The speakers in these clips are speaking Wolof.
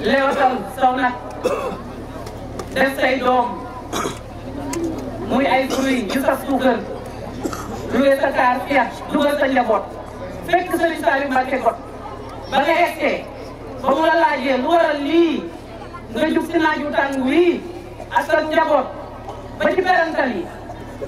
lewatal saw nag say doom muy ay fruits yu saf suukar dugal sa kaar fiat dugal sa njaboot fekk Serigne Saliou Mbacké got ba nga egtee ba mu la laajee waral lii nga jug si naaju tàng wii ak sa njaboot ba ci berantal yi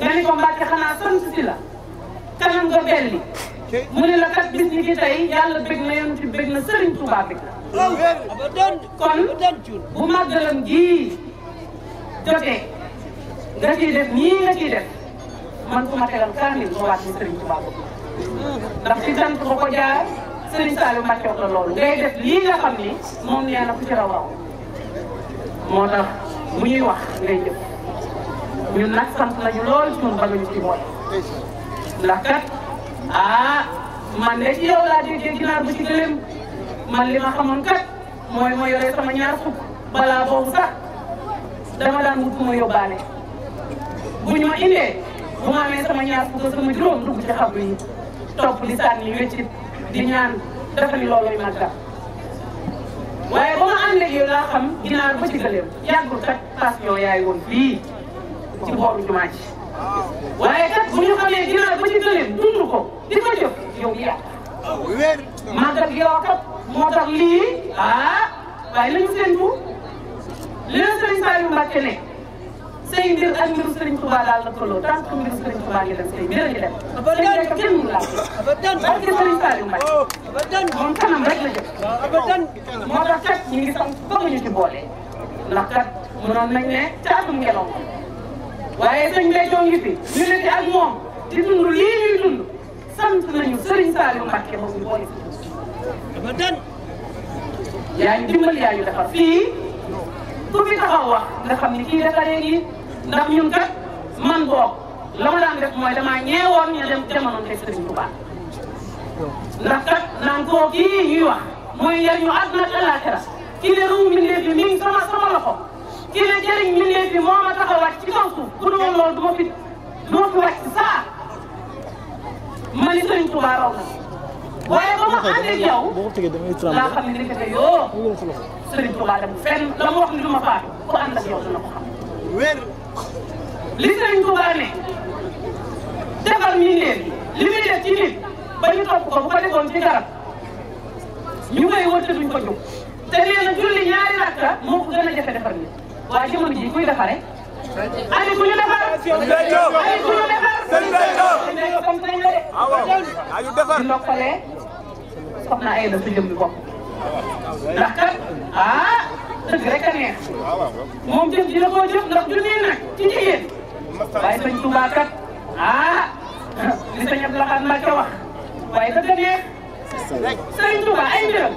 nga ni ko Mbacké xanaa sant si la kanam nga belli mu ne la kat bis ki tey yàlla bëgg na yonent bi bëgg na Serigne Touba bëgg na kon bu màggalam gii jotee nga ciy def nii nga ciy def man ku ma tegal kaamil mu waat ni Serigne Touba bëgg ndax ci sant ba ko jaar Serigne Saliou Mbacke la loolu ngay def lii nga xam ni moom nee na ku ci raw moo ta mu ñuy wax ngay jëf ñun nag sant nañu loolu suñu ba ñu ci boole ndax kat ah man de ci yow laa déggee ginaar bu ci gëlëm man li ma xamoon kat mooy ma yore sama ñaar fukk balaa boobu sax dama daan wut ma yóbbaale bu ñu ma indee bu ma amee sama ñaar fukk sama juróom dugg ci xabru yi topp di sànni weccit di ñaan dafa ni looloy màggal waaye ba ma àndeeg yow laa xam ginaar ba ci gëlëm yàggul kat passion yaay woon fii ci booru jumaa ji waaye kat bu ñu xamee ginaar ba ci gëléem dund ko di ko jëf yow yaa màggat yow kat moo tax lii ah waaye lañu séntu li la sëriñ Saliou Mbacke ne say mbir ak mbiru sëriñ Touba daal la tolloo tant que mbiru sëriñ Touba ngi dem say mbir a ngi dem. sëriñ Mbacke kenn mënu laa ko. parce que sëriñ Saliou Mbacke moom kanam rek la jëm. moo tax kat ñu ngi sant bëgguñu ci boole ndax kat mënoon nañ ne caatum ngeloon ko. waaye sëñ Béthio ngi fi ñu ne ci ak moom di dund lii ñuy dund sant nañu Serigne Saliou Mbacké moom ñu boole yaa ñu dimbali yaa ñu defar fii ku fi taxaw wax nga xam ni kii dafa léegi ndax ñun kat man boog la ma daan def mooy damaa ñeewoon ñu dem jamono bi mi ngi sama loxo. ki ne jëriñ mbindeef bi moo ma tax a wàcc ci kaw suuf bu dul woon loolu du ma fi saa ma ni Sëriñ Tuubaa raw ba ma ànd ak yow laa xam ne ndekete yoo Sëriñ Tuubaa dem fenn la mu wax ni ci nit ba ñu topp ko bu ko defoon ci ñu koy wër te duñ ko jóg te nee na julli ñaari rakka moo ko gën a jafe defar nit. waaye jamono ji kuy defaree. Aliou ku ñu defar. Aliou ku ñu defar. sëñ Bello comme sëñ la de. waaw defar di nokkalee soxna ay la sa jëm bi bopp. ndax kat ah dëgg rek a neex moom jëf dina koo jëf ndax du nee nag ci jigéen waaye sëñ Touba kat ah li sëñ Abdou Lahad Mbacké wax waaye dëgg a neex sëñ Touba ay mbiram.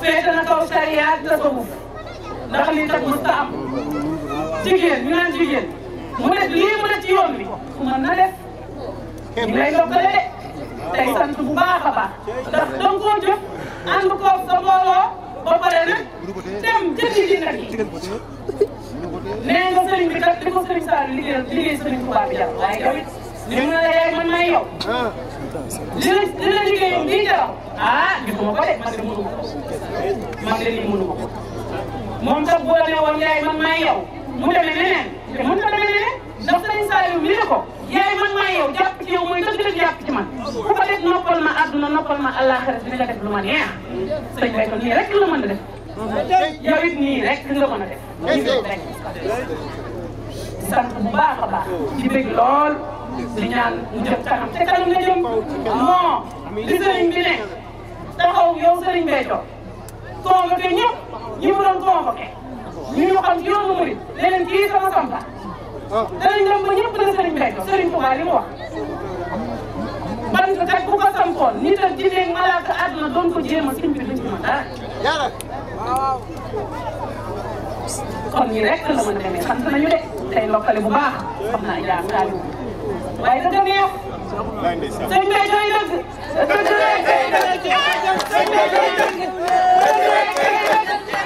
féete na kaw sariya tasawuf ndax lii kat mës ta am jigéen ñu naan jigéen mu ne lii mu ne ci yoon wi ku mën na def ñu lay ndokkale de tey sant bu baax a baax ndax danga koo jëf ànd koog sa mbooloo ba pare nag dem jëndi ji nag yi nee nga sëriñ bi kat li ko sëriñ Sall liggéeyal liggéey sëriñ Tuubaa bi jar waaye yow it li mu ne la yaay man may yow li la li la liggéeyam bii jaraw ah gisuma ko de man de mënu ma ko man de lii mënu ma ko moom sax boo demee woon yaay man maay yow mu demee leneen te mënut a demee leneen ndax sëriñ Saliou mi ko yaay man maay yow jàpp ci yow mooy dëgg-dëgg jàpp ci man ku ko def noppal ma àdduna noppal ma àllaaxira dina nga def lu ma neex sëñ bay nii rek la mën a def yow it nii rek nga mën a def nii rek a baax di lool di ñaan mu jëm kanam te kanam nga moo li bi ne taxaw yow sëriñ Béthio soo nga te ñi mu doon convoqué ñu ñu xam ci yoonu murid ne leen kii sama sampa danañ dem ba ñëpp dana Serigne Béthio Serigne Touba li mu wax ban kat bu ko sampoon nit ak jinne ak malaaka àdduna doon ko jéem a suñ bi duñ ci mën dara kon ñi rek la mën a demee sant nañu de tey ndokkale bu baax xam naa jàng kaay waaye dëgg neex sëñ Béthio day dëgg dëgg rek day dëgg sëñ Béthio day dëgg dëgg rek day dëgg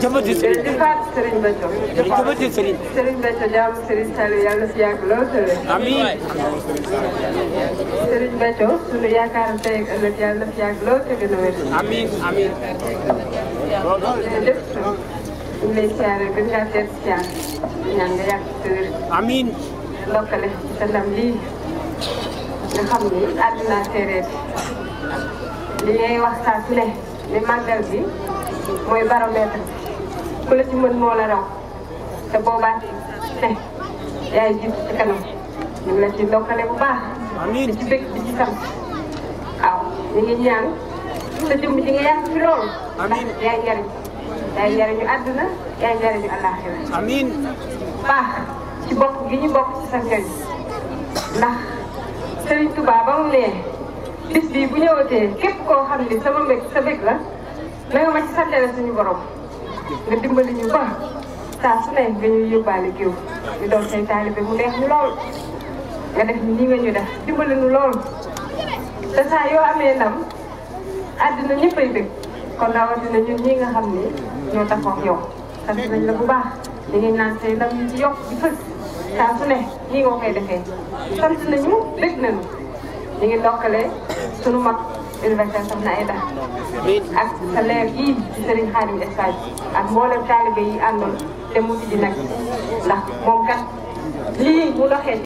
jërëjëf di faat Serigne Bacso. jërëjëf Serigne. Serigne Bacso jaamu Serigne Saliou yàlla si yàgg lool tële. amiin. Serigne Bacso sunu yaakaar tey ak ëllëg yàlla si yàgg lool te gën a wér. amiin amiin. jërëjëf. ñu ngi lay siyaare gën ngaa teel siyaar ñaan nga yàgg si wér. amiin. ndokkale sa ndam lii nga xam ni àdduna séeréer li ngay wax saa su ne ni màggal bi mooy baromètre. ku la ci mën moo la raw te boobaa ne eh, yaay jiitu ci kanam ñu la ci dokkale bu baax di ci kan, ya, bëgg di ci sam waaw ñu ngi ñaan sa jëmm ji nga yàq fi loolu ndax yaay njariñ yaay njariñu àdduna yaay njariñu àllaaxira amin baax ci bokk gi ñu bokk ci sa njariñ ndax Serigne Touba ba mu nee bis bii bu ñëwatee képp koo xam ni sama mbég sa la nga ma ci santale suñu borom nga dimbali ñu ba saa su ne nga ñuy yóbbaale géew ñu doon say taalibe mu neex ñu lool nga def nii nga ñu def dimbali ñu lool te saa yoo amee ndam àddina ñëppay dëgg kon rawatina ñun ñi nga xam ni ñoo taxaw ak yow sant nañ la bu baax di ngeen naan say ndam yi ci yokk di fës saa su nii nga koy defee sant nañu dégg nañu ñu ngi ndokkalee sunu mag. université na Aida ak sa leer yii ci Serigne Khadim Espagne ak mboolem taalibe yi àndoon te mu tijji nag ndax moom lii mu doxee